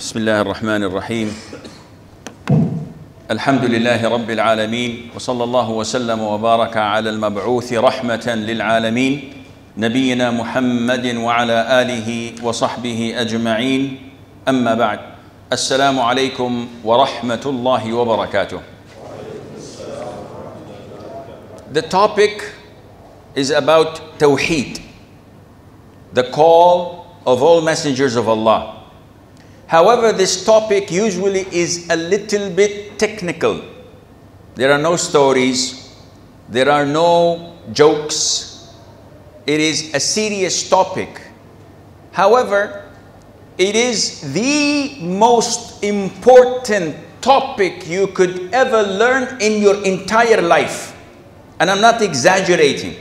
بسم الله الرحمن الرحيم الحمد لله رب العالمين وصلى الله وسلم وبارك على المبعوث رحمة للعالمين نبينا محمد وعلى آله وصحبه أجمعين أما بعد السلام عليكم ورحمة الله وبركاته The topic is about Tawheed, the call of all messengers of Allah. However, this topic usually is a little bit technical. There are no stories, there are no jokes. It is a serious topic. However, it is the most important topic you could ever learn in your entire life. And I'm not exaggerating.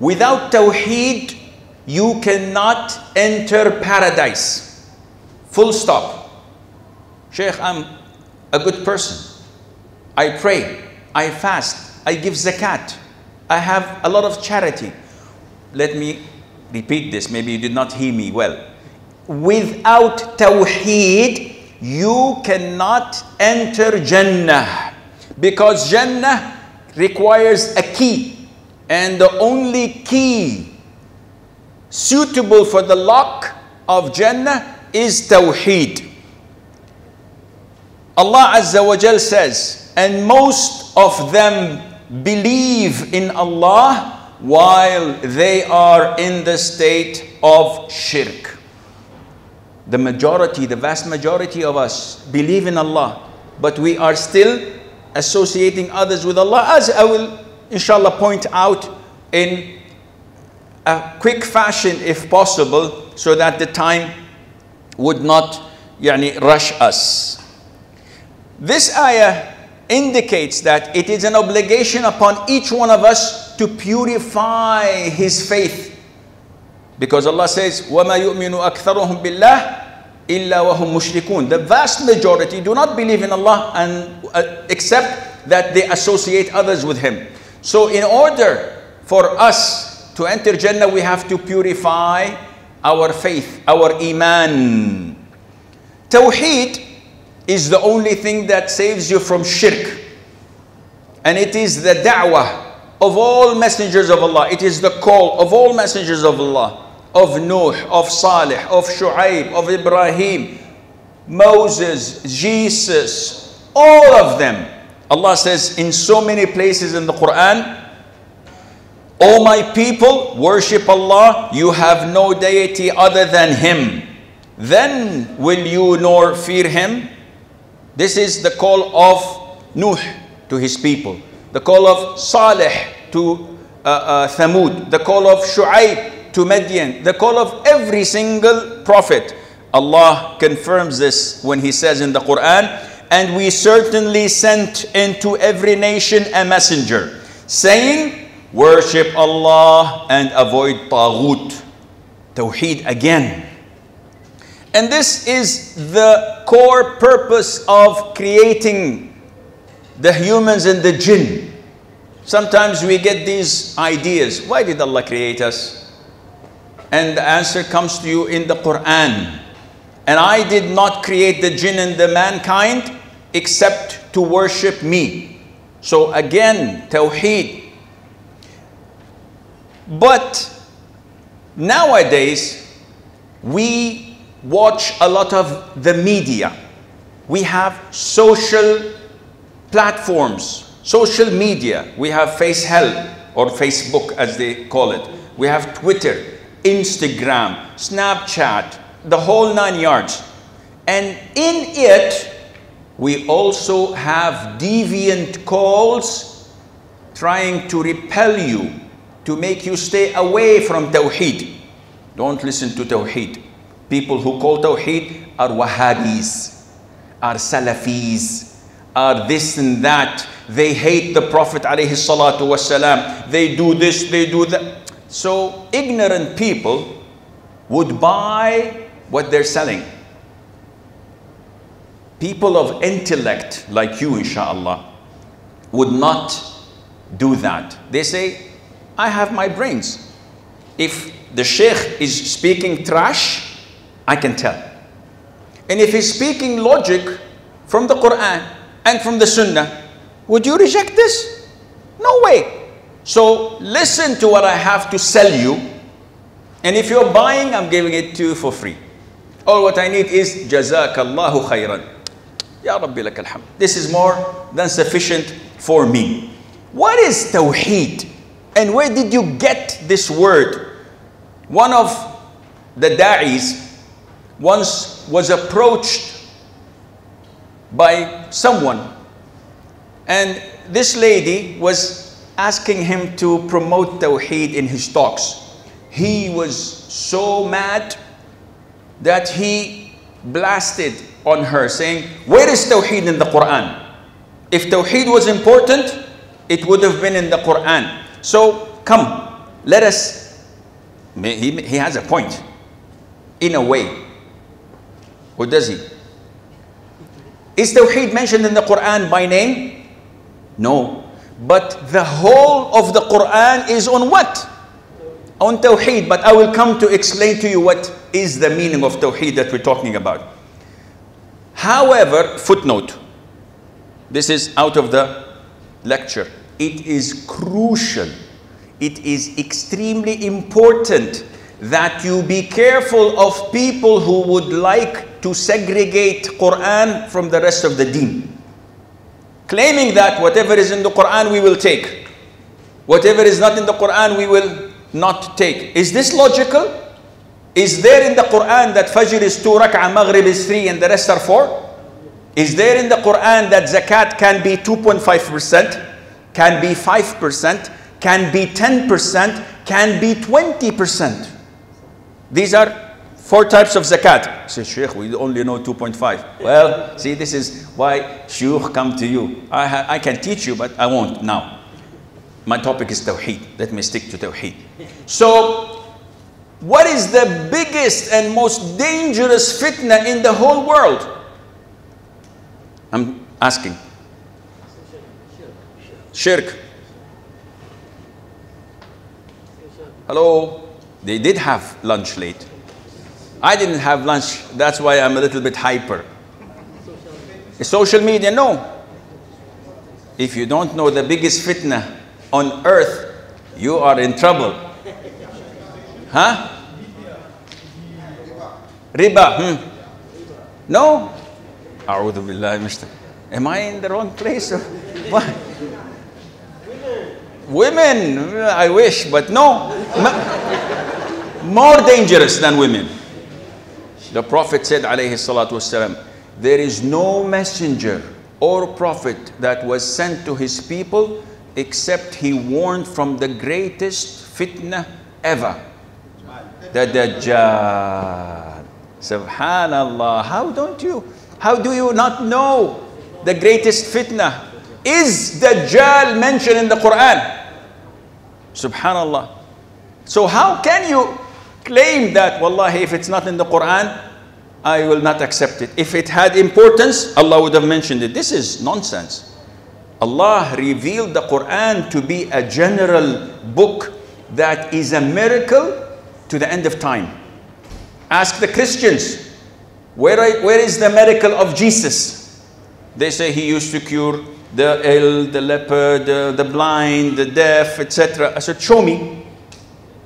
Without Tawheed, you cannot enter paradise. Full stop. Sheikh, I'm a good person. I pray. I fast. I give zakat. I have a lot of charity. Let me repeat this. Maybe you did not hear me well. Without tawheed, you cannot enter Jannah. Because Jannah requires a key. And the only key suitable for the lock of Jannah is Tawheed. Allah Azza wa Jal says, and most of them believe in Allah while they are in the state of shirk. The majority, the vast majority of us believe in Allah, but we are still associating others with Allah, as I will inshallah point out in a quick fashion if possible, so that the time would not يعني, rush us. This ayah indicates that it is an obligation upon each one of us to purify his faith. Because Allah says, وَمَا يُؤْمِنُ أَكْثَرُهُم بِاللَّهِ إِلَّا وَهُمْ مُشْرِكُونَ The vast majority do not believe in Allah and uh, except that they associate others with Him. So in order for us to enter Jannah, we have to purify our faith, our iman. Tawheed is the only thing that saves you from shirk. And it is the da'wah of all messengers of Allah. It is the call of all messengers of Allah. Of Nuh, of Salih, of Shu'aib, of Ibrahim, Moses, Jesus, all of them. Allah says in so many places in the Quran, O my people, worship Allah, you have no deity other than Him. Then will you nor fear Him. This is the call of Nuh to his people, the call of Saleh to uh, uh, Thamud, the call of Shu'aib to Median, the call of every single prophet. Allah confirms this when He says in the Quran, and we certainly sent into every nation a messenger, saying, Worship Allah and avoid ta'wud. Tawheed again. And this is the core purpose of creating the humans and the jinn. Sometimes we get these ideas. Why did Allah create us? And the answer comes to you in the Quran. And I did not create the jinn and the mankind except to worship me. So again, Tawheed, but nowadays, we watch a lot of the media. We have social platforms, social media. We have Face Hell or Facebook as they call it. We have Twitter, Instagram, Snapchat, the whole nine yards. And in it, we also have deviant calls trying to repel you to make you stay away from Tawheed. Don't listen to Tawheed. People who call Tawheed are Wahhabis, are Salafis, are this and that. They hate the Prophet alayhi They do this, they do that. So ignorant people would buy what they're selling. People of intellect like you, inshallah, would not do that. They say, I have my brains. If the sheikh is speaking trash, I can tell. And if he's speaking logic from the Quran and from the Sunnah, would you reject this? No way. So listen to what I have to sell you. And if you're buying, I'm giving it to you for free. All what I need is Jazakallahu khairan. Ya Rabbi lakal This is more than sufficient for me. What is Tawheed? And where did you get this word? One of the da'is once was approached by someone. And this lady was asking him to promote Tawheed in his talks. He was so mad that he blasted on her saying, where is Tawheed in the Quran? If Tawheed was important, it would have been in the Quran. So come, let us, he, he has a point, in a way. What does he? Is Tawheed mentioned in the Quran by name? No. But the whole of the Quran is on what? On Tawheed. But I will come to explain to you what is the meaning of Tawheed that we're talking about. However, footnote. This is out of the lecture it is crucial, it is extremely important that you be careful of people who would like to segregate Quran from the rest of the deen. Claiming that whatever is in the Quran we will take, whatever is not in the Quran we will not take. Is this logical? Is there in the Quran that Fajr is two rak'ah, Maghrib is three and the rest are four? Is there in the Quran that zakat can be 2.5%? can be 5%, can be 10%, can be 20%. These are four types of zakat. Say, Sheikh, we only know 2.5. Well, see, this is why Sheikh come to you. I, I can teach you, but I won't now. My topic is tawheed. Let me stick to tawheed. So, what is the biggest and most dangerous fitna in the whole world? I'm asking. Shirk. Hello? They did have lunch late. I didn't have lunch. That's why I'm a little bit hyper. Social media, no. If you don't know the biggest fitna on earth, you are in trouble. Huh? Riba. Hmm. No? Am I in the wrong place? Women, I wish, but no. More dangerous than women. The Prophet said, alayhi there is no messenger or prophet that was sent to his people except he warned from the greatest fitna ever. The Dajjal. Subhanallah. How don't you? How do you not know the greatest fitna? Is Dajjal mentioned in the Quran? Subhanallah. So how can you claim that, wallahi, if it's not in the Quran, I will not accept it. If it had importance, Allah would have mentioned it. This is nonsense. Allah revealed the Quran to be a general book that is a miracle to the end of time. Ask the Christians, where, where is the miracle of Jesus? They say he used to cure the ill, the leper, the, the blind, the deaf, etc. I said, show me.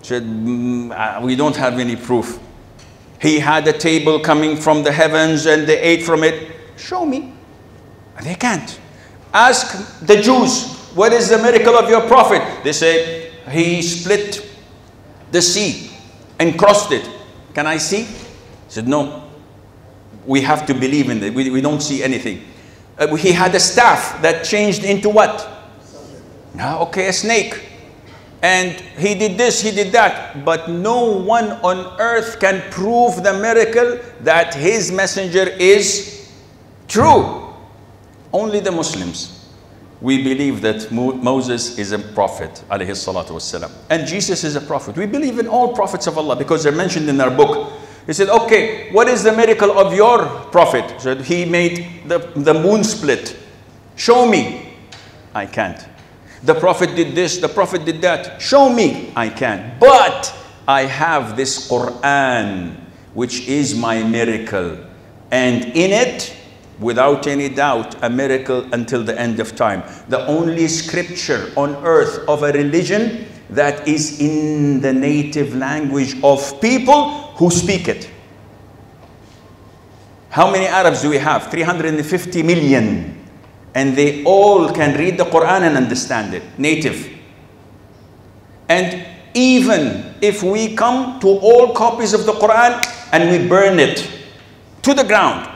He said, mm, we don't have any proof. He had a table coming from the heavens and they ate from it. Show me. They can't. Ask the Jews, what is the miracle of your prophet? They say, he split the sea and crossed it. Can I see? He said, no. We have to believe in it. We, we don't see anything. Uh, he had a staff that changed into what? Now, ah, okay, a snake. And he did this, he did that. But no one on earth can prove the miracle that his messenger is true. Only the Muslims. We believe that Mo Moses is a prophet, alayhi salatu wasalam. And Jesus is a prophet. We believe in all prophets of Allah because they're mentioned in our book. He said, okay, what is the miracle of your prophet? He said, he made the, the moon split. Show me. I can't. The prophet did this, the prophet did that. Show me. I can't. But I have this Quran, which is my miracle. And in it, without any doubt, a miracle until the end of time. The only scripture on earth of a religion that is in the native language of people who speak it. How many Arabs do we have? 350 million. And they all can read the Quran and understand it, native. And even if we come to all copies of the Quran and we burn it to the ground,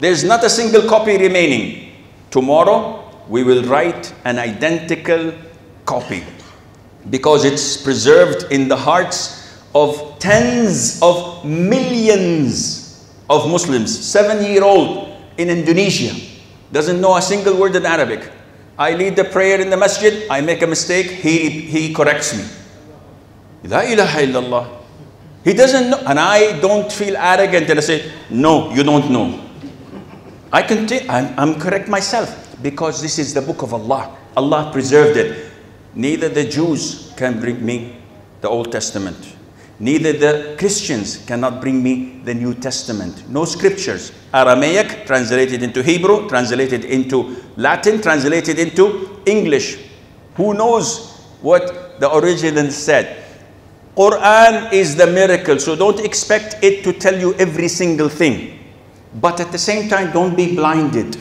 there's not a single copy remaining. Tomorrow, we will write an identical copy because it's preserved in the hearts of tens of millions of Muslims, seven-year-old in Indonesia, doesn't know a single word in Arabic. I lead the prayer in the masjid, I make a mistake, he, he corrects me. La ilaha illallah. He doesn't know, and I don't feel arrogant and I say, no, you don't know. I can t- I'm, I'm correct myself because this is the book of Allah. Allah preserved it. Neither the Jews can bring me the Old Testament. Neither the Christians cannot bring me the New Testament. No scriptures. Aramaic translated into Hebrew, translated into Latin, translated into English. Who knows what the original said? Quran is the miracle, so don't expect it to tell you every single thing. But at the same time, don't be blinded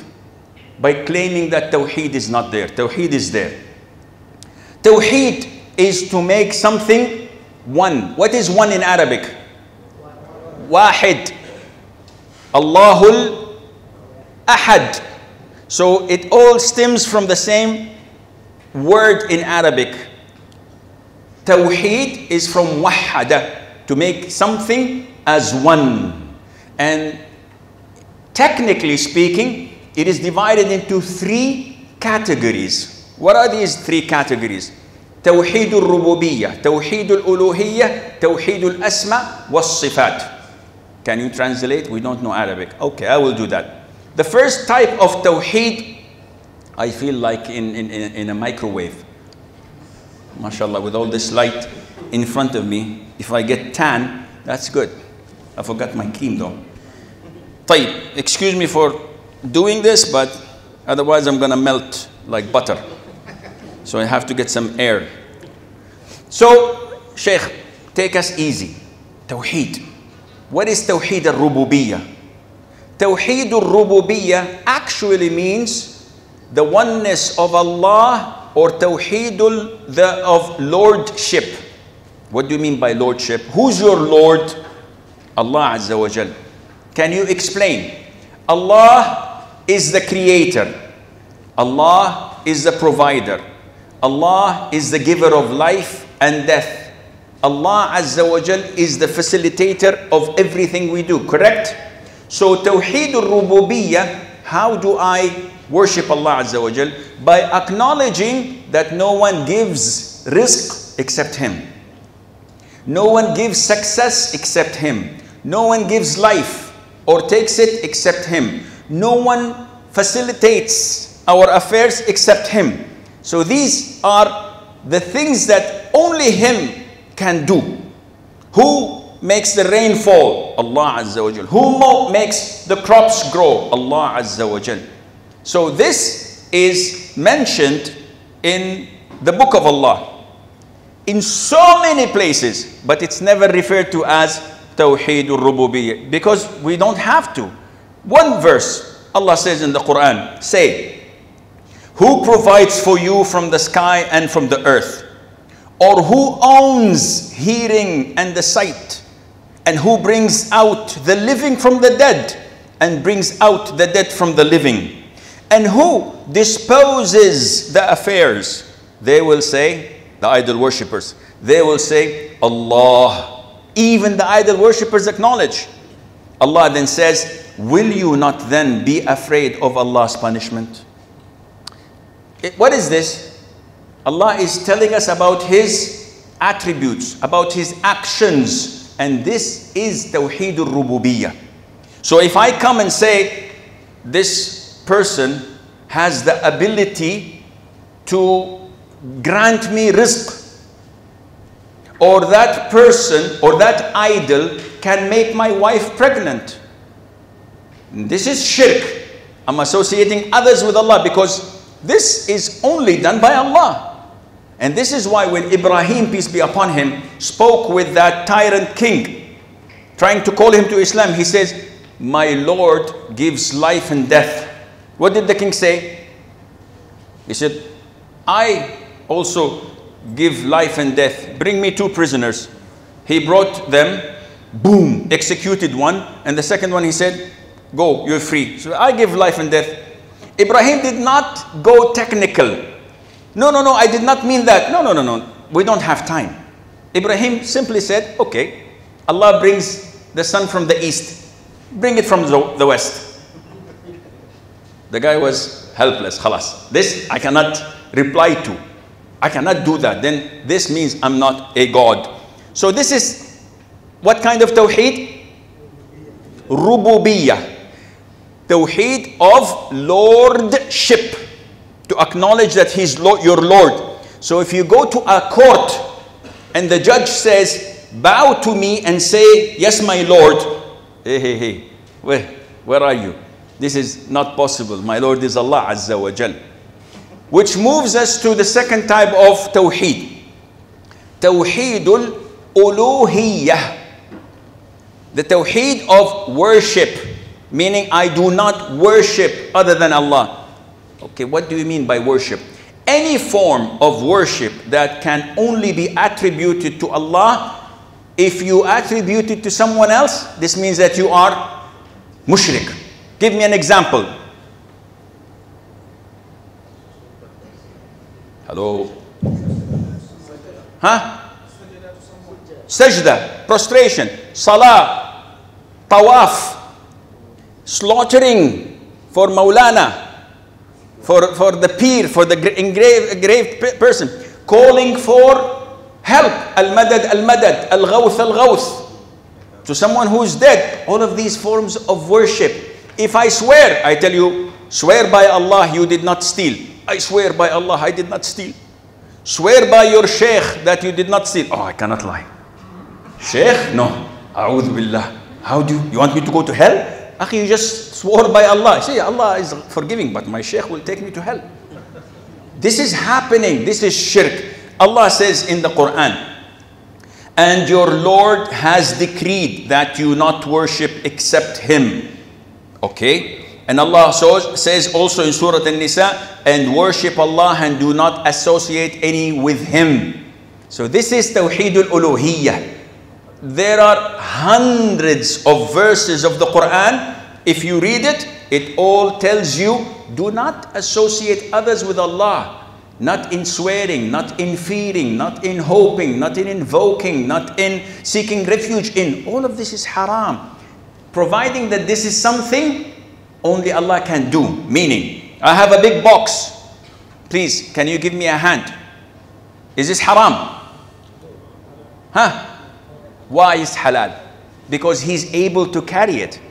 by claiming that Tawheed is not there. Tawheed is there. Tawheed is to make something one. What is one in Arabic? Wahid. Allahul Ahad. So it all stems from the same word in Arabic. Tawheed is from wahada, to make something as one. And technically speaking, it is divided into three categories. What are these three categories? توحيد الربوبية توحيد الألوهية توحيد الأسماء والصفات Can you translate? We don't know Arabic. Okay, I will do that. The first type of tawheed, I feel like in, in, in a microwave. MashaAllah, with all this light in front of me, if I get tan, that's good. I forgot my cream though. Tayyip, excuse me for doing this, but otherwise I'm gonna melt like butter. So I have to get some air. So, Sheikh, take us easy. Tawheed. What is Tawheed al-Rububiyyah? Tawheed al-Rububiyyah actually means the oneness of Allah or Tawheed the, of Lordship. What do you mean by Lordship? Who's your Lord? Allah Azza wa Jal. Can you explain? Allah is the creator. Allah is the provider. Allah is the giver of life and death. Allah Azza wa Jal is the facilitator of everything we do, correct? So Tawheed al-Rububiyyah, how do I worship Allah Azza wa Jal? By acknowledging that no one gives risk except Him. No one gives success except Him. No one gives life or takes it except Him. No one facilitates our affairs except Him. So these are the things that only Him can do. Who makes the rain fall? Allah Azza wa Jal. Who makes the crops grow? Allah Azza wa Jal. So this is mentioned in the book of Allah in so many places, but it's never referred to as Tawheed al-Rububiyyah because we don't have to. One verse, Allah says in the Quran, say, who provides for you from the sky and from the earth? Or who owns hearing and the sight? And who brings out the living from the dead and brings out the dead from the living? And who disposes the affairs? They will say, the idol worshippers, they will say, Allah. Even the idol worshippers acknowledge. Allah then says, Will you not then be afraid of Allah's punishment? It, what is this? Allah is telling us about His attributes, about His actions. And this is al Rububiyyah. So if I come and say, this person has the ability to grant me rizq, or that person or that idol can make my wife pregnant. This is shirk. I'm associating others with Allah because this is only done by Allah. And this is why when Ibrahim, peace be upon him, spoke with that tyrant king, trying to call him to Islam, he says, My Lord gives life and death. What did the king say? He said, I also give life and death. Bring me two prisoners. He brought them, boom, executed one. And the second one, he said, Go, you're free. So I give life and death. Ibrahim did not go technical. No, no, no, I did not mean that. No, no, no, no, we don't have time. Ibrahim simply said, okay, Allah brings the sun from the east, bring it from the, west. The guy was helpless, khalas. This I cannot reply to. I cannot do that. Then this means I'm not a God. So this is what kind of tawheed? Rububiyyah. Tawheed of Lordship. To acknowledge that He's Lord, your Lord. So if you go to a court and the judge says, bow to me and say, yes, my Lord. Hey, hey, hey, where, where are you? This is not possible. My Lord is Allah Azza wa Jal. Which moves us to the second type of Tawheed. Tawheedul uluhiyah, The Tawheed of worship meaning I do not worship other than Allah. Okay, what do you mean by worship? Any form of worship that can only be attributed to Allah, if you attribute it to someone else, this means that you are mushrik. Give me an example. Hello? Huh? Sajda, prostration, salah, tawaf, slaughtering for Maulana, for, for the peer, for the engraved, person, calling for help, al-madad, al-madad, al-ghawth, al-ghawth, to someone who is dead. All of these forms of worship. If I swear, I tell you, swear by Allah you did not steal. I swear by Allah I did not steal. Swear by your sheikh that you did not steal. Oh, I cannot lie. Sheikh? No. A'udhu billah. How do you, you want me to go to hell? Akhi, you just swore by Allah. See, Allah is forgiving, but my sheikh will take me to hell. This is happening. This is shirk. Allah says in the Quran, and your Lord has decreed that you not worship except Him. Okay? And Allah says also in Surah An-Nisa, and worship Allah and do not associate any with Him. So this is Tawheed al-Uluhiyyah there are hundreds of verses of the Quran. If you read it, it all tells you do not associate others with Allah. Not in swearing, not in fearing, not in hoping, not in invoking, not in seeking refuge in. All of this is haram. Providing that this is something only Allah can do. Meaning, I have a big box. Please, can you give me a hand? Is this haram? Huh? Why is halal? Because he's able to carry it.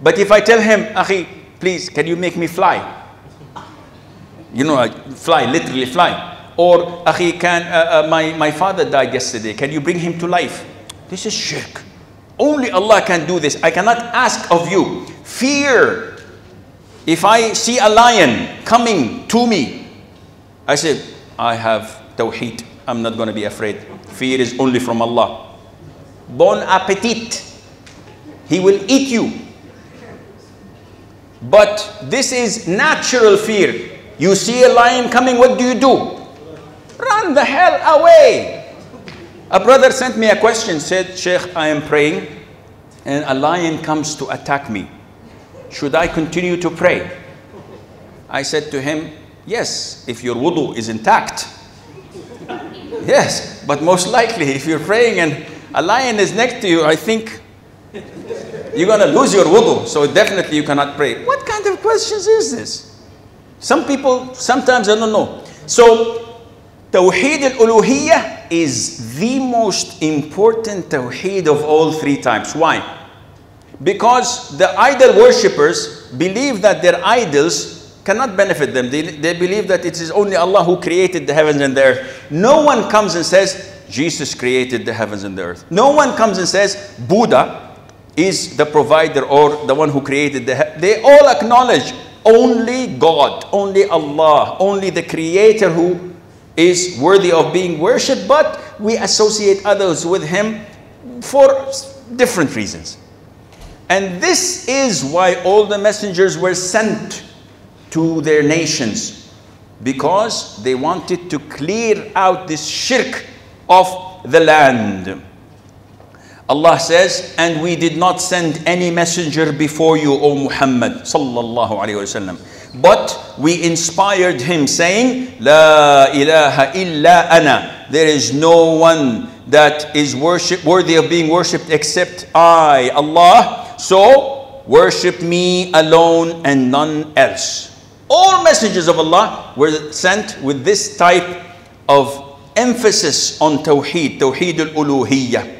But if I tell him, Akhi, please, can you make me fly? You know, uh, fly, literally fly. Or, Akhi, can, uh, uh, my, my father died yesterday. Can you bring him to life? This is shirk. Only Allah can do this. I cannot ask of you. Fear. If I see a lion coming to me, I say, I have tawheed. I'm not going to be afraid. Fear is only from Allah. Bon appetit. He will eat you. But this is natural fear. You see a lion coming, what do you do? Run the hell away. A brother sent me a question, said, Sheikh, I am praying and a lion comes to attack me. Should I continue to pray? I said to him, yes, if your wudu is intact. yes, but most likely if you're praying and a lion is next to you, I think you're going to lose your wudu. So definitely you cannot pray. What kind of questions is this? Some people sometimes I don't know. So Tawheed al-Uluhiyyah is the most important Tawheed of all three types. Why? Because the idol worshippers believe that their idols cannot benefit them. They, they believe that it is only Allah who created the heavens and the earth. No one comes and says, Jesus created the heavens and the earth. No one comes and says Buddha is the provider or the one who created the They all acknowledge only God, only Allah, only the creator who is worthy of being worshipped, but we associate others with him for different reasons. And this is why all the messengers were sent to their nations because they wanted to clear out this shirk of the land. Allah says, and we did not send any messenger before you, O Muhammad sallallahu alayhi wasallam. But we inspired him saying, La ilaha illa ana. There is no one that is worship, worthy of being worshipped except I, Allah. So worship me alone and none else. All messages of Allah were sent with this type of emphasis on Tawheed, Tawheed al-Uluhiyyah.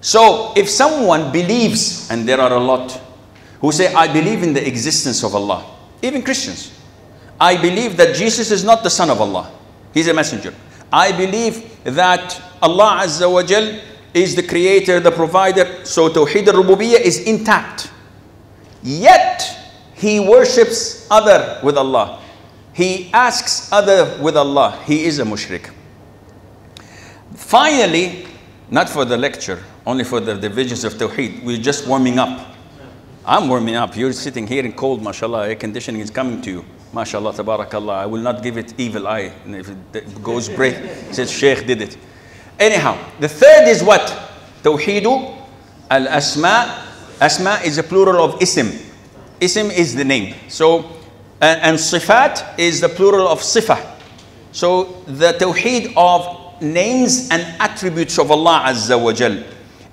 So if someone believes, and there are a lot, who say, I believe in the existence of Allah, even Christians, I believe that Jesus is not the son of Allah, he's a messenger. I believe that Allah Azza wa Jal is the creator, the provider, so Tawheed al-Rububiyyah is intact. Yet, he worships other with Allah he asks other with Allah, he is a mushrik. Finally, not for the lecture, only for the divisions of Tawheed, we're just warming up. I'm warming up. You're sitting here in cold, mashallah. Air conditioning is coming to you. Mashallah, tabarakallah. I will not give it evil eye. And if it goes break, says Sheikh did it. Anyhow, the third is what? Tawheedu al-asma. Asma is a plural of ism. Ism is the name. So and, and sifat is the plural of sifa. So the tawheed of names and attributes of Allah Azza wa Jal.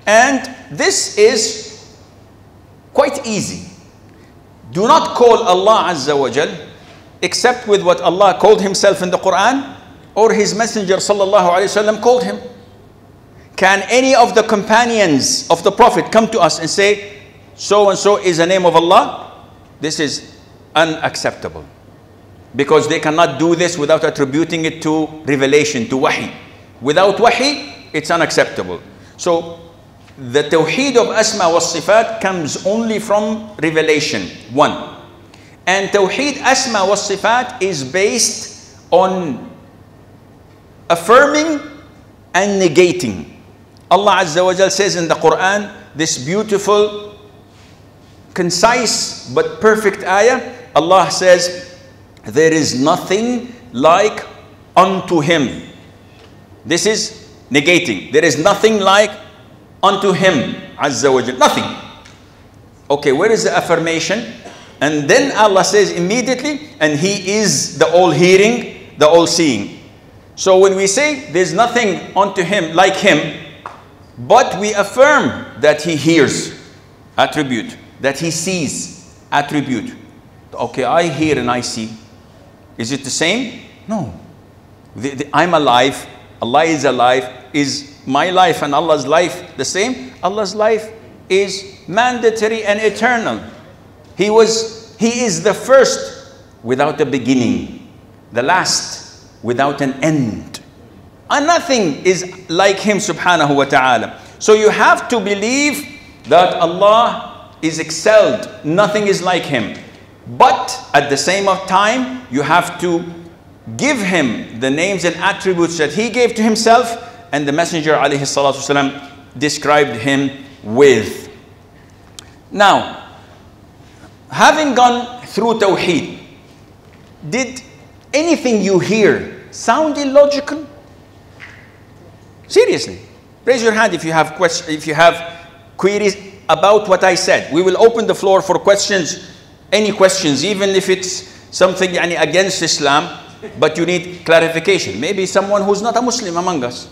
And this is quite easy. Do not call Allah Azza wa Jal except with what Allah called himself in the Quran or his messenger sallallahu alaihi wasallam called him. Can any of the companions of the Prophet come to us and say, so and so is the name of Allah? This is unacceptable. Because they cannot do this without attributing it to revelation, to wahi. Without wahi, it's unacceptable. So the tawheed of asma wa sifat comes only from revelation, one. And tawheed asma wa sifat is based on affirming and negating. Allah Azza wa Jal says in the Quran, this beautiful, concise but perfect ayah, Allah says, there is nothing like unto him. This is negating. There is nothing like unto him, Azza wa Jal. Nothing. Okay, where is the affirmation? And then Allah says immediately, and he is the all-hearing, the all-seeing. So when we say there's nothing unto him like him, but we affirm that he hears, attribute, that he sees, attribute, Okay, I hear and I see. Is it the same? No. The, the, I'm alive. Allah is alive. Is my life and Allah's life the same? Allah's life is mandatory and eternal. He was he is the first without a beginning, the last without an end. And nothing is like him subhanahu wa ta'ala. So you have to believe that Allah is excelled. Nothing is like him. But at the same time, you have to give him the names and attributes that he gave to himself and the Messenger والسلام, described him with. Now, having gone through Tawheed, did anything you hear sound illogical? Seriously, raise your hand if you have questions, if you have queries about what I said. We will open the floor for questions any questions, even if it's something يعني, against Islam, but you need clarification. Maybe someone who's not a Muslim among us.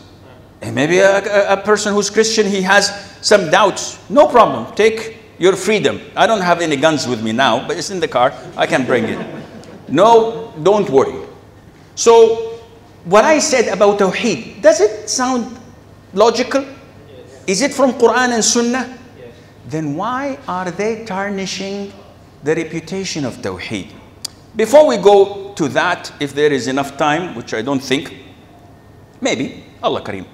Eh, maybe a, a, person who's Christian, he has some doubts. No problem. Take your freedom. I don't have any guns with me now, but it's in the car. I can bring it. No, don't worry. So, what I said about Tawheed, does it sound logical? Yes. Is it from Quran and Sunnah? Yes. Then why are they tarnishing the reputation of Tawheed. Before we go to that, if there is enough time, which I don't think, maybe, Allah Kareem.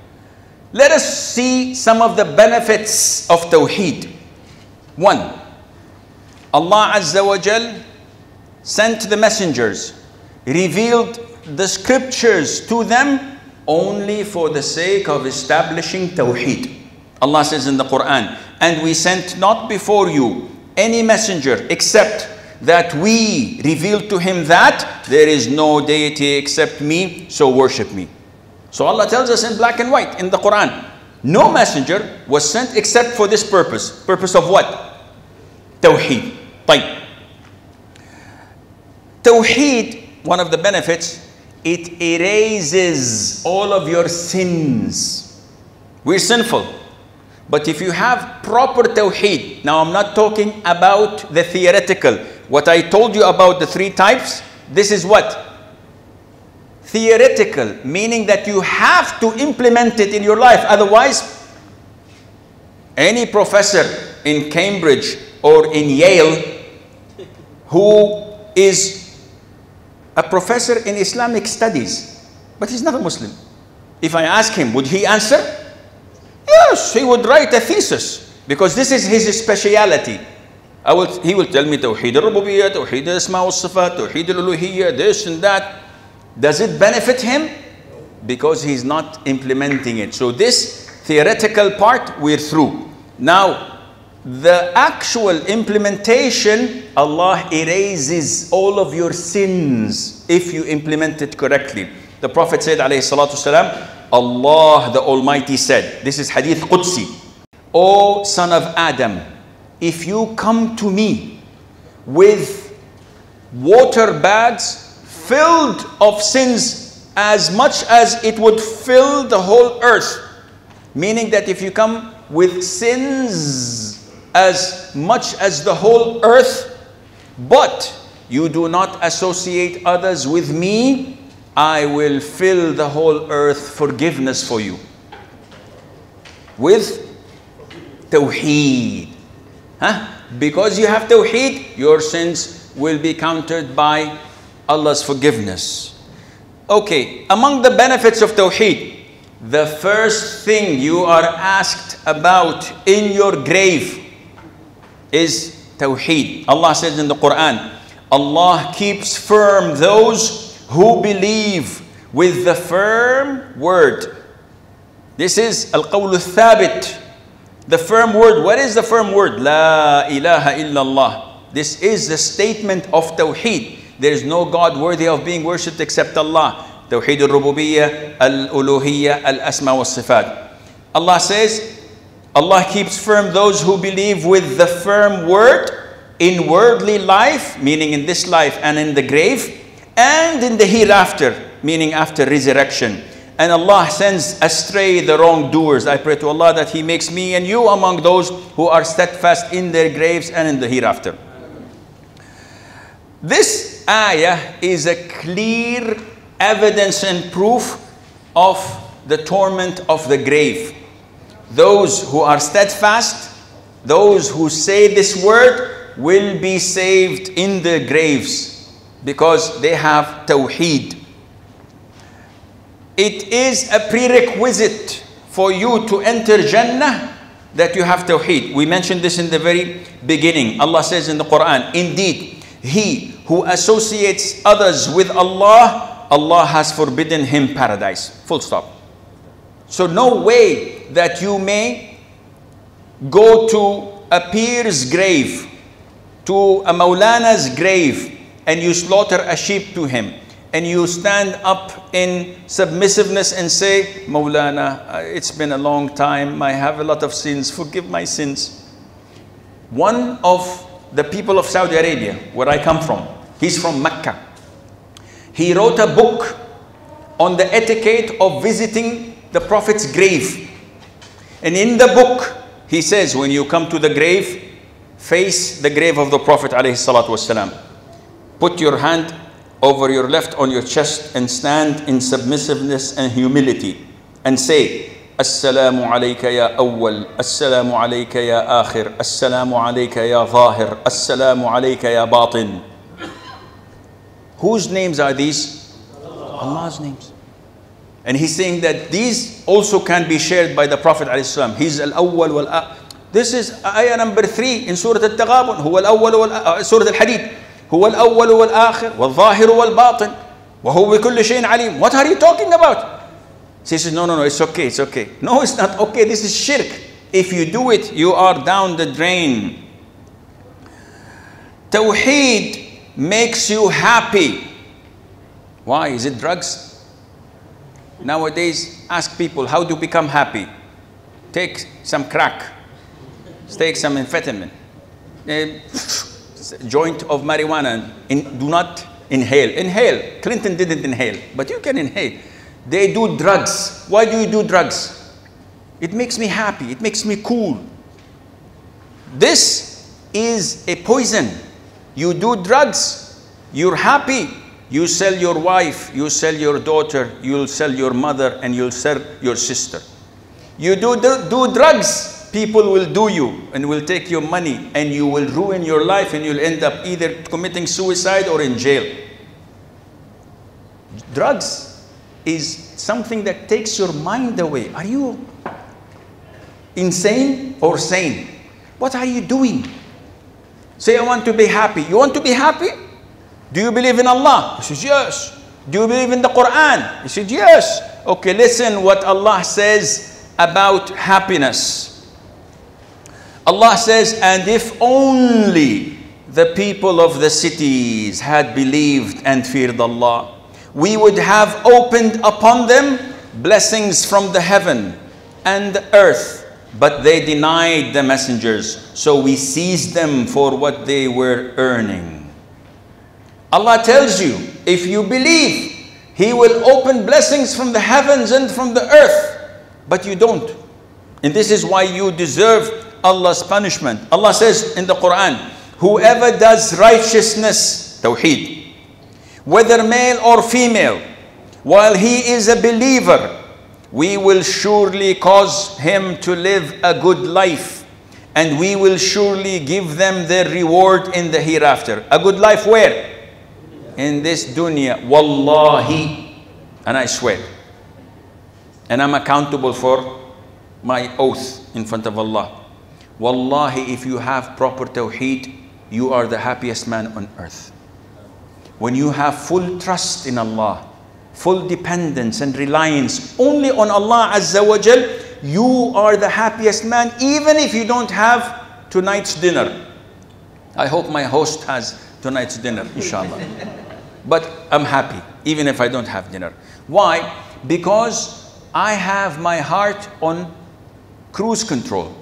Let us see some of the benefits of Tawheed. One, Allah Azza wa Jal sent the messengers, revealed the scriptures to them only for the sake of establishing Tawheed. Allah says in the Quran, and we sent not before you any messenger except that we revealed to him that there is no deity except me, so worship me. So Allah tells us in black and white in the Quran, no messenger was sent except for this purpose. Purpose of what? Tawheed. طيب. Tawheed, one of the benefits, it erases all of your sins. We're sinful. But if you have proper tawheed, now I'm not talking about the theoretical. What I told you about the three types, this is what? Theoretical, meaning that you have to implement it in your life. Otherwise, any professor in Cambridge or in Yale who is a professor in Islamic studies, but he's not a Muslim. If I ask him, would he answer? Yes, he would write a thesis because this is his speciality. I will, he will tell me Tawheed al-Rububiyyah, Tawheed al-Asma al-Sifat, Tawheed al-Uluhiyyah, this and that. Does it benefit him? Because he's not implementing it. So this theoretical part, we're through. Now, the actual implementation, Allah erases all of your sins if you implement it correctly. The Prophet said, alayhi salatu salam, Allah the Almighty said, this is Hadith Qudsi, O son of Adam, if you come to me with water bags filled of sins as much as it would fill the whole earth, meaning that if you come with sins as much as the whole earth, but you do not associate others with me, I will fill the whole earth forgiveness for you. With Tawheed. Huh? Because you have Tawheed, your sins will be countered by Allah's forgiveness. Okay, among the benefits of Tawheed, the first thing you are asked about in your grave is Tawheed. Allah says in the Quran, Allah keeps firm those who believe with the firm word. This is al-qawl thabit the firm word. What is the firm word? La ilaha illallah. This is the statement of tawheed. There is no God worthy of being worshipped except Allah. Tawheed al-rububiyyah, al uluhiyya al-asma wa sifat. Allah says, Allah keeps firm those who believe with the firm word in worldly life, meaning in this life and in the grave, and in the hereafter, meaning after resurrection. And Allah sends astray the wrongdoers. I pray to Allah that He makes me and you among those who are steadfast in their graves and in the hereafter. This ayah is a clear evidence and proof of the torment of the grave. Those who are steadfast, those who say this word, will be saved in the graves because they have tawheed. It is a prerequisite for you to enter Jannah that you have tawheed. We mentioned this in the very beginning. Allah says in the Quran, Indeed, he who associates others with Allah, Allah has forbidden him paradise. Full stop. So no way that you may go to a peer's grave, to a Maulana's grave, and you slaughter a sheep to him and you stand up in submissiveness and say, Maulana, uh, it's been a long time. I have a lot of sins. Forgive my sins. One of the people of Saudi Arabia, where I come from, he's from Mecca. He wrote a book on the etiquette of visiting the Prophet's grave. And in the book, he says, when you come to the grave, face the grave of the Prophet alayhi salatu wasalam. Put your hand over your left on your chest and stand in submissiveness and humility and say, السلام عليك يا أول السلام عليك يا آخر السلام عليك يا ظاهر السلام عليك يا باطن Whose names are these? Allah's names. And he's saying that these also can be shared by the Prophet ﷺ. He's al-awwal wal a. This is ayah number three in Surah Al-Taghabun. al awwal wal a, uh, Surah Al-Hadid. هو الأول والآخر والظاهر والباطن وهو بكل شيء عليم what are you talking about he says no no no it's okay it's okay no it's not okay this is shirk if you do it you are down the drain Tawheed makes you happy why is it drugs nowadays ask people how to become happy take some crack take some amphetamine uh, joint of marijuana and do not inhale. Inhale. Clinton didn't inhale, but you can inhale. They do drugs. Why do you do drugs? It makes me happy. It makes me cool. This is a poison. You do drugs. You're happy. You sell your wife, you sell your daughter, you'll sell your mother, and you'll sell your sister. You do, do, do drugs people will do you and will take your money and you will ruin your life and you'll end up either committing suicide or in jail. Drugs is something that takes your mind away. Are you insane or sane? What are you doing? Say, I want to be happy. You want to be happy? Do you believe in Allah? He says, Yes. Do you believe in the Quran? He said, Yes. Okay, listen what Allah says about happiness. Allah says, and if only the people of the cities had believed and feared Allah, we would have opened upon them blessings from the heaven and the earth. But they denied the messengers, so we seized them for what they were earning. Allah tells you, if you believe, He will open blessings from the heavens and from the earth. But you don't. And this is why you deserve Allah's punishment. Allah says in the Quran, whoever does righteousness, tawheed, whether male or female, while he is a believer, we will surely cause him to live a good life and we will surely give them their reward in the hereafter. A good life where? In this dunya. Wallahi. And I swear. And I'm accountable for my oath in front of Allah. Wallahi, if you have proper tawheed, you are the happiest man on earth. When you have full trust in Allah, full dependence and reliance only on Allah Azza wa Jal, you are the happiest man even if you don't have tonight's dinner. I hope my host has tonight's dinner, inshallah. but I'm happy even if I don't have dinner. Why? Because I have my heart on cruise control.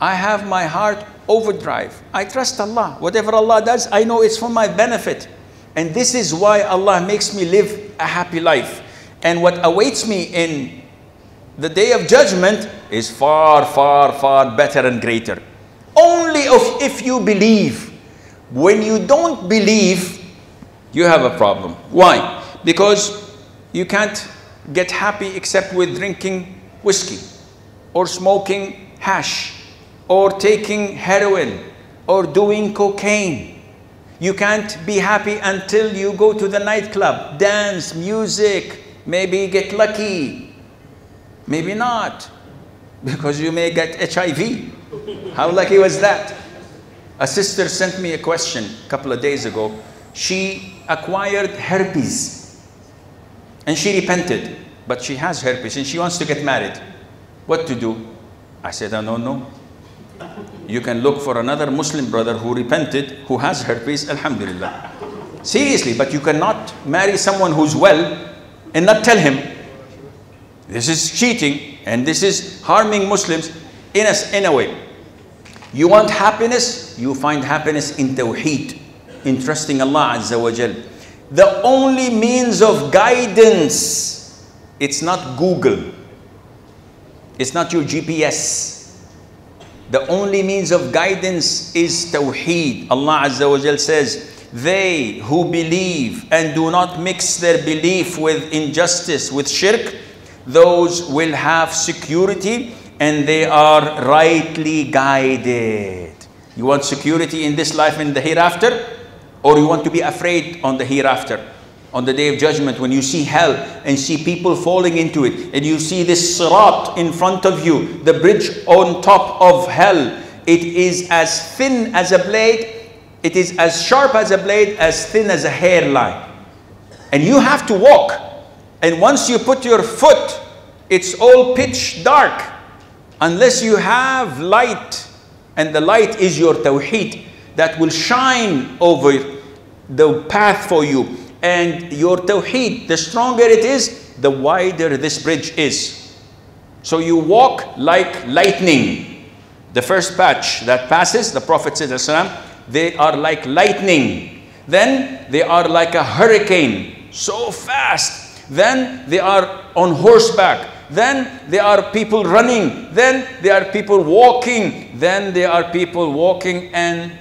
I have my heart overdrive. I trust Allah. Whatever Allah does, I know it's for my benefit. And this is why Allah makes me live a happy life. And what awaits me in the day of judgment is far, far, far better and greater. Only if, if you believe. When you don't believe, you have a problem. Why? Because you can't get happy except with drinking whiskey or smoking hash or taking heroin or doing cocaine. You can't be happy until you go to the nightclub, dance, music, maybe get lucky, maybe not, because you may get HIV. How lucky was that? A sister sent me a question a couple of days ago. She acquired herpes and she repented, but she has herpes and she wants to get married. What to do? I said, I don't know. You can look for another Muslim brother who repented, who has herpes, alhamdulillah. Seriously, but you cannot marry someone who's well and not tell him. This is cheating and this is harming Muslims in a, in a way. You want happiness? You find happiness in Tawheed, in trusting Allah Azza wa Jal. The only means of guidance, it's not Google. It's not your GPS. The only means of guidance is Tawheed. Allah Azza wa Jal says, they who believe and do not mix their belief with injustice, with shirk, those will have security and they are rightly guided. You want security in this life and the hereafter? Or you want to be afraid on the hereafter? on the day of judgment when you see hell and see people falling into it and you see this sirat in front of you, the bridge on top of hell, it is as thin as a blade, it is as sharp as a blade, as thin as a hairline. And you have to walk. And once you put your foot, it's all pitch dark unless you have light. And the light is your tawheed that will shine over the path for you and your tawheed, the stronger it is, the wider this bridge is. So you walk like lightning. The first batch that passes, the Prophet they are like lightning. Then they are like a hurricane, so fast. Then they are on horseback. Then there are people running. Then there are people walking. Then there are people walking and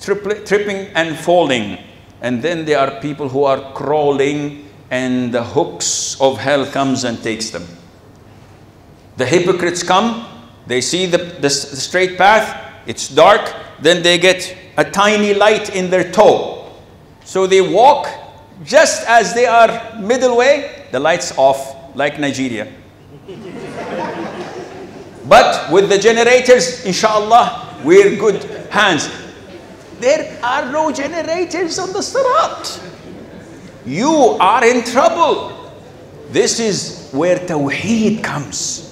tripping and falling. And then there are people who are crawling and the hooks of hell comes and takes them. The hypocrites come, they see the, the, the straight path, it's dark, then they get a tiny light in their toe. So they walk just as they are middle way, the light's off, like Nigeria. but with the generators, inshallah, we're good hands. There are no generators on the Sirat. You are in trouble. This is where Tawheed comes.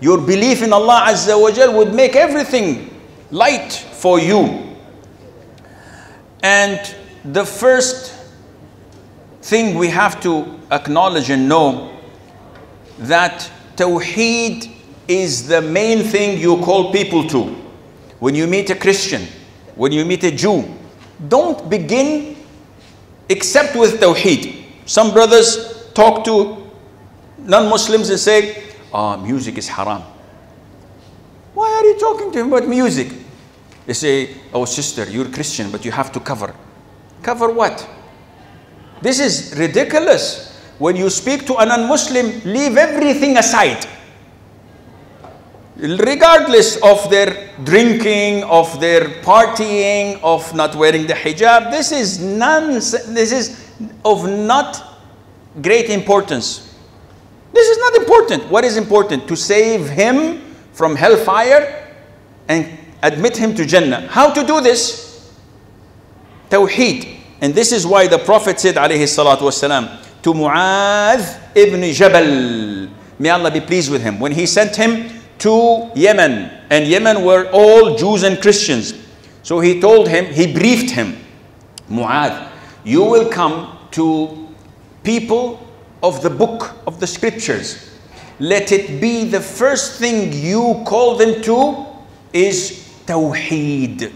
Your belief in Allah Azza wa Jal would make everything light for you. And the first thing we have to acknowledge and know that Tawheed is the main thing you call people to. When you meet a Christian, when you meet a Jew, don't begin except with Tawheed. Some brothers talk to non-Muslims and say, ah, oh, music is haram. Why are you talking to him about music? They say, oh sister, you're Christian, but you have to cover. Cover what? This is ridiculous. When you speak to a non-Muslim, leave everything aside regardless of their drinking, of their partying, of not wearing the hijab. This is nonsense. This is of not great importance. This is not important. What is important? To save him from hellfire and admit him to Jannah. How to do this? Tawheed. And this is why the Prophet said, alayhi salatu wasalam, to Mu'adh ibn Jabal. May Allah be pleased with him. When he sent him to Yemen. And Yemen were all Jews and Christians. So he told him, he briefed him, Mu'adh, you will come to people of the book of the scriptures. Let it be the first thing you call them to is Tawheed.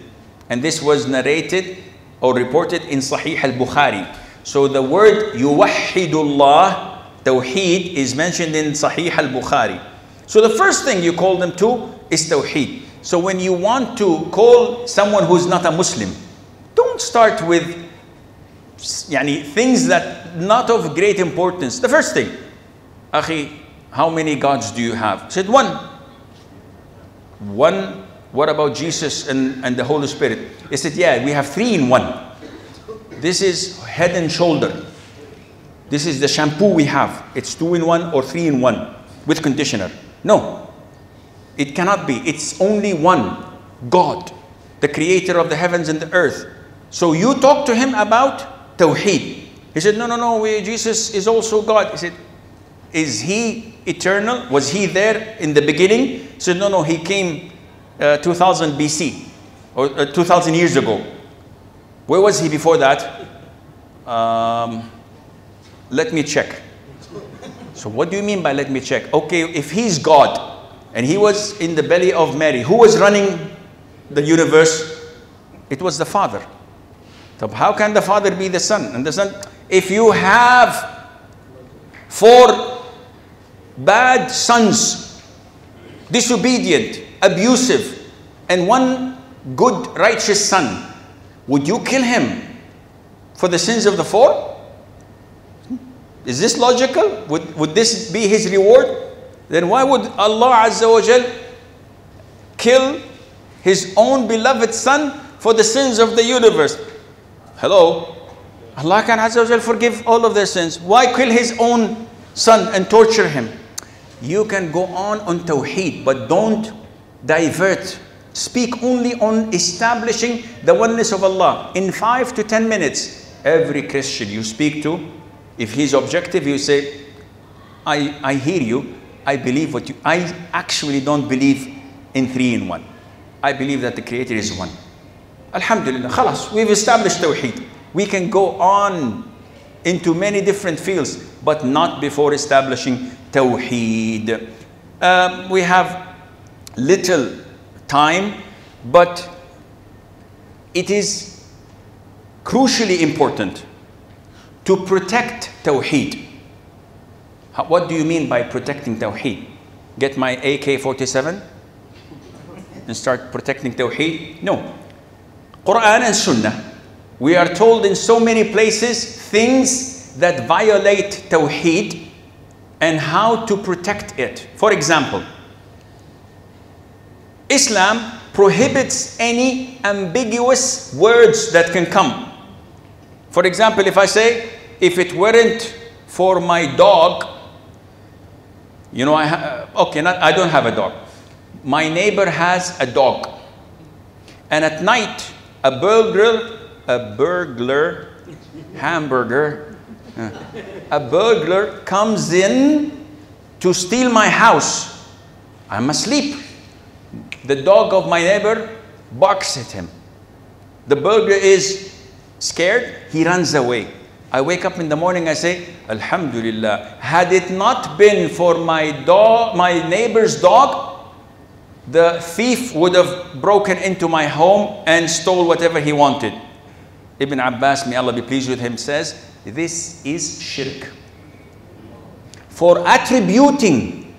And this was narrated or reported in Sahih al-Bukhari. So the word yuwahidullah, Tawheed, is mentioned in Sahih al-Bukhari. So the first thing you call them to is Tawheed. So when you want to call someone who's not a Muslim, don't start with yani, things that not of great importance. The first thing, Akhi, how many gods do you have? said, one. One. What about Jesus and, and the Holy Spirit? He said, yeah, we have three in one. This is head and shoulder. This is the shampoo we have. It's two in one or three in one with conditioner. No, it cannot be. It's only one God, the creator of the heavens and the earth. So you talk to him about Tawheed. He said, No, no, no, we, Jesus is also God. He said, Is he eternal? Was he there in the beginning? He said, No, no, he came uh, 2000 BC or uh, 2000 years ago. Where was he before that? Um, let me check. So what do you mean by let me check? Okay, if he's God and he was in the belly of Mary, who was running the universe? It was the Father. So how can the Father be the Son? And the Son, if you have four bad sons, disobedient, abusive, and one good righteous son, would you kill him for the sins of the four? Is this logical? Would, would this be his reward? Then why would Allah Azza wa Jal kill his own beloved son for the sins of the universe? Hello? Allah can Azza wa Jal forgive all of their sins. Why kill his own son and torture him? You can go on on Tawheed, but don't divert. Speak only on establishing the oneness of Allah. In five to ten minutes, every Christian you speak to if he's objective, you say, I, I hear you, I believe what you, I actually don't believe in three in one. I believe that the creator is one. Alhamdulillah, khalas, we've established Tawheed. We can go on into many different fields, but not before establishing Tawheed. Um, we have little time, but it is crucially important to protect Tawheed. What do you mean by protecting Tawheed? Get my AK-47 and start protecting Tawheed? No. Quran and Sunnah. We are told in so many places things that violate Tawheed and how to protect it. For example, Islam prohibits any ambiguous words that can come. For example, if I say, if it weren't for my dog, you know, I okay, not, I don't have a dog. My neighbor has a dog. And at night, a burglar, a burglar, hamburger, uh, a burglar comes in to steal my house. I'm asleep. The dog of my neighbor barks at him. The burglar is scared, he runs away. I wake up in the morning, I say, Alhamdulillah. Had it not been for my dog, my neighbor's dog, the thief would have broken into my home and stole whatever he wanted. Ibn Abbas, may Allah be pleased with him, says, this is shirk. For attributing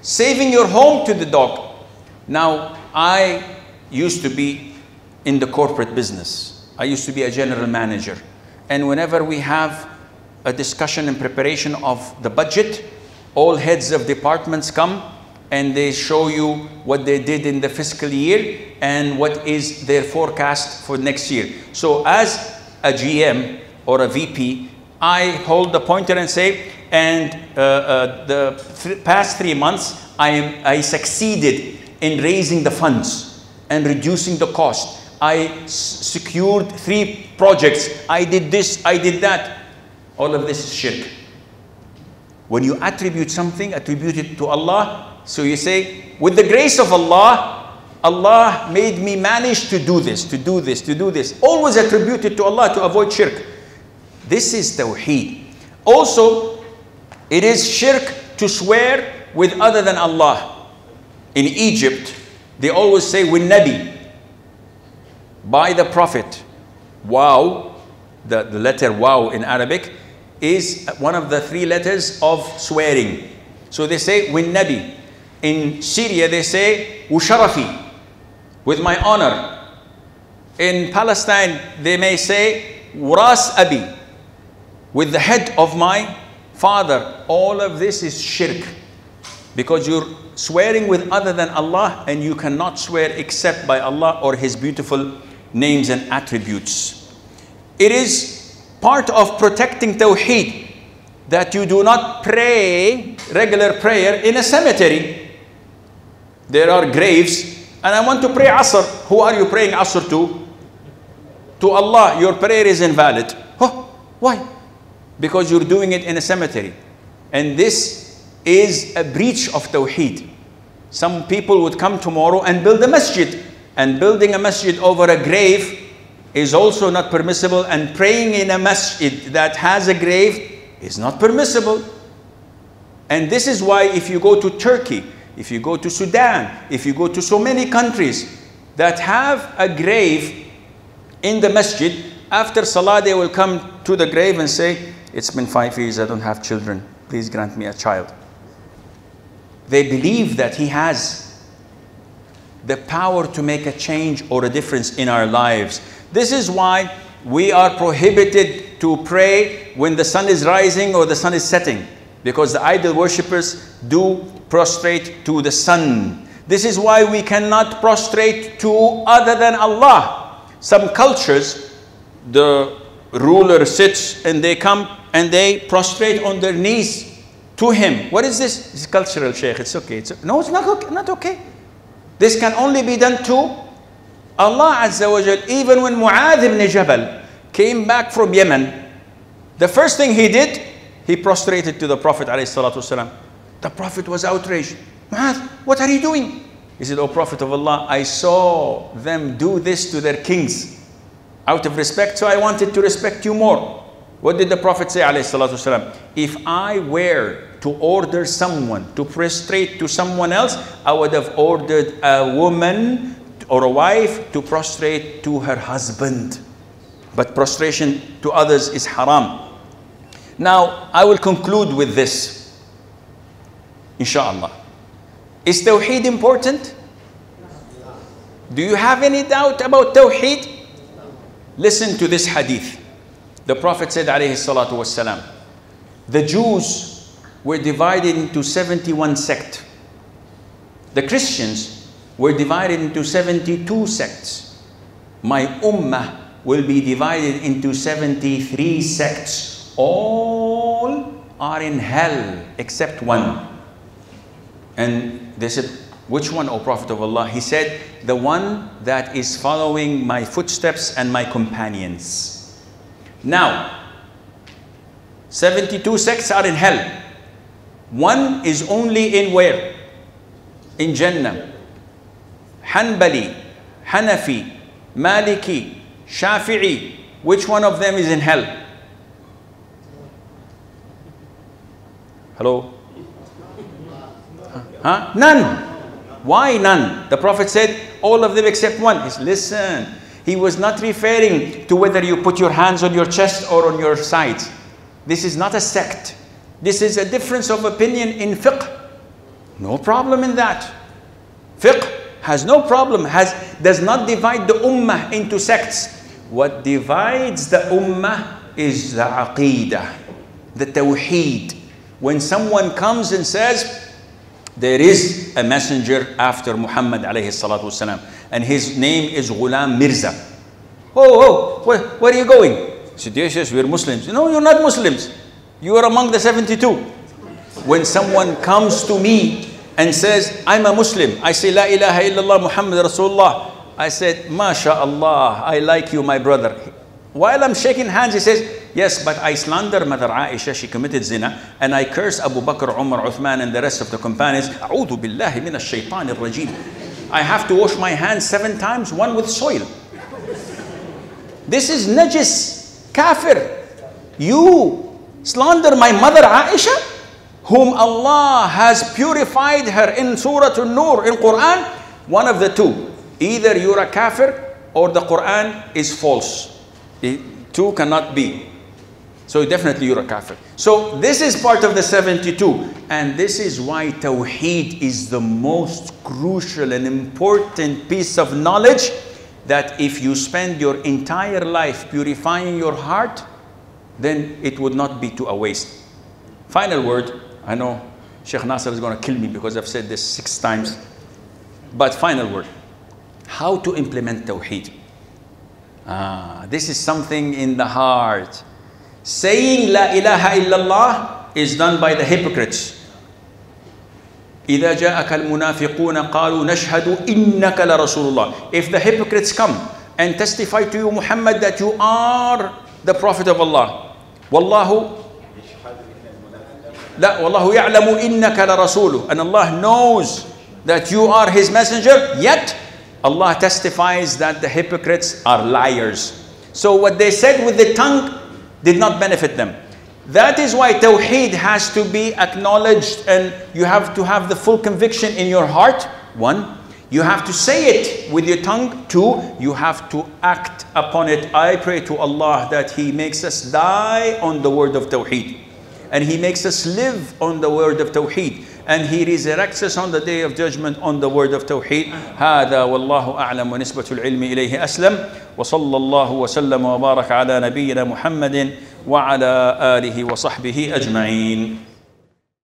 saving your home to the dog. Now, I used to be in the corporate business. I used to be a general manager. And whenever we have a discussion in preparation of the budget, all heads of departments come and they show you what they did in the fiscal year and what is their forecast for next year. So as a GM or a VP, I hold the pointer and say, and uh, uh, the th past three months, I, am, I succeeded in raising the funds and reducing the cost I secured three projects. I did this, I did that. All of this is shirk. When you attribute something, attribute it to Allah. So you say, with the grace of Allah, Allah made me manage to do this, to do this, to do this. Always attribute it to Allah to avoid shirk. This is tawheed. Also, it is shirk to swear with other than Allah. In Egypt, they always say, with Nabi by the Prophet. Wow, the, the letter wow in Arabic, is one of the three letters of swearing. So they say, when Nabi. In Syria, they say, Usharafi, with my honor. In Palestine, they may say, Ras Abi, with the head of my father. All of this is shirk because you're swearing with other than Allah and you cannot swear except by Allah or His beautiful names and attributes. It is part of protecting Tawheed that you do not pray regular prayer in a cemetery. There are graves and I want to pray Asr. Who are you praying Asr to? To Allah, your prayer is invalid. Huh? Why? Because you're doing it in a cemetery. And this is a breach of Tawheed. Some people would come tomorrow and build a masjid and building a masjid over a grave is also not permissible and praying in a masjid that has a grave is not permissible. And this is why if you go to Turkey, if you go to Sudan, if you go to so many countries that have a grave in the masjid, after Salah they will come to the grave and say, it's been five years, I don't have children, please grant me a child. They believe that he has the power to make a change or a difference in our lives. This is why we are prohibited to pray when the sun is rising or the sun is setting because the idol worshippers do prostrate to the sun. This is why we cannot prostrate to other than Allah. Some cultures, the ruler sits and they come and they prostrate on their knees to him. What is this? It's cultural, Shaykh. It's okay. It's, no, it's not okay. Not okay. This can only be done to Allah Azza wa Jal. Even when Mu'adh ibn Jabal came back from Yemen, the first thing he did, he prostrated to the Prophet والسلام. The Prophet was outraged. Mu'adh, what are you doing? He said, O Prophet of Allah, I saw them do this to their kings out of respect, so I wanted to respect you more. What did the Prophet say, والسلام? If I were to order someone, to prostrate to someone else, I would have ordered a woman or a wife to prostrate to her husband. But prostration to others is haram. Now, I will conclude with this. Inshallah. Is Tawheed important? Do you have any doubt about Tawheed? Listen to this hadith. The Prophet said, alayhi salatu the Jews were divided into 71 sects. The Christians were divided into 72 sects. My ummah will be divided into 73 sects. All are in hell except one. And they said, which one, O Prophet of Allah? He said, the one that is following my footsteps and my companions. Now, 72 sects are in hell. One is only in where? In Jannah. Hanbali, Hanafi, Maliki, Shafi'i. Which one of them is in hell? Hello? Huh? None. Why none? The Prophet said, all of them except one. He said, listen, he was not referring to whether you put your hands on your chest or on your sides. This is not a sect. This is a difference of opinion in fiqh. No problem in that. Fiqh has no problem, has, does not divide the ummah into sects. What divides the ummah is the aqidah, the tawheed. When someone comes and says, there is a messenger after Muhammad alayhi and his name is Ghulam Mirza. Oh, oh, where, where are you going? He said, yes, yes, we're Muslims. No, you're not Muslims. You are among the 72. When someone comes to me and says, I'm a Muslim, I say, La ilaha illallah Muhammad Rasulullah. I said, MashaAllah, I like you, my brother. While I'm shaking hands, he says, Yes, but I slander Mother Aisha, she committed zina, and I curse Abu Bakr, Umar, Uthman, and the rest of the companions. billahi min shaytan rajim I have to wash my hands seven times, one with soil. This is najis, kafir. You slander my mother Aisha, whom Allah has purified her in Surah An-Nur in Quran, one of the two. Either you're a kafir or the Quran is false. The two cannot be. So definitely you're a kafir. So this is part of the 72. And this is why Tawheed is the most crucial and important piece of knowledge that if you spend your entire life purifying your heart, then it would not be to a waste. Final word, I know Sheikh Nasser is going to kill me because I've said this six times, but final word, how to implement Tawheed. Ah, this is something in the heart. Saying La ilaha illallah is done by the hypocrites. إذا جاءك المنافقون قالوا نشهد إنك لرسول الله If the hypocrites come and testify to you Muhammad that you are the Prophet of Allah والله لا والله يعلم إنك لرسوله and Allah knows that you are his messenger yet Allah testifies that the hypocrites are liars so what they said with the tongue did not benefit them that is why tawheed has to be acknowledged and you have to have the full conviction in your heart one you have to say it with your tongue. Two, you have to act upon it. I pray to Allah that He makes us die on the word of Tawheed. And He makes us live on the word of Tawheed. And He resurrects us on the day of judgment on the word of Tawheed. هذا والله أعلم ونسبة العلم إليه أسلم وصلى الله وسلم وبارك على نبينا محمد وعلى آله وصحبه أجمعين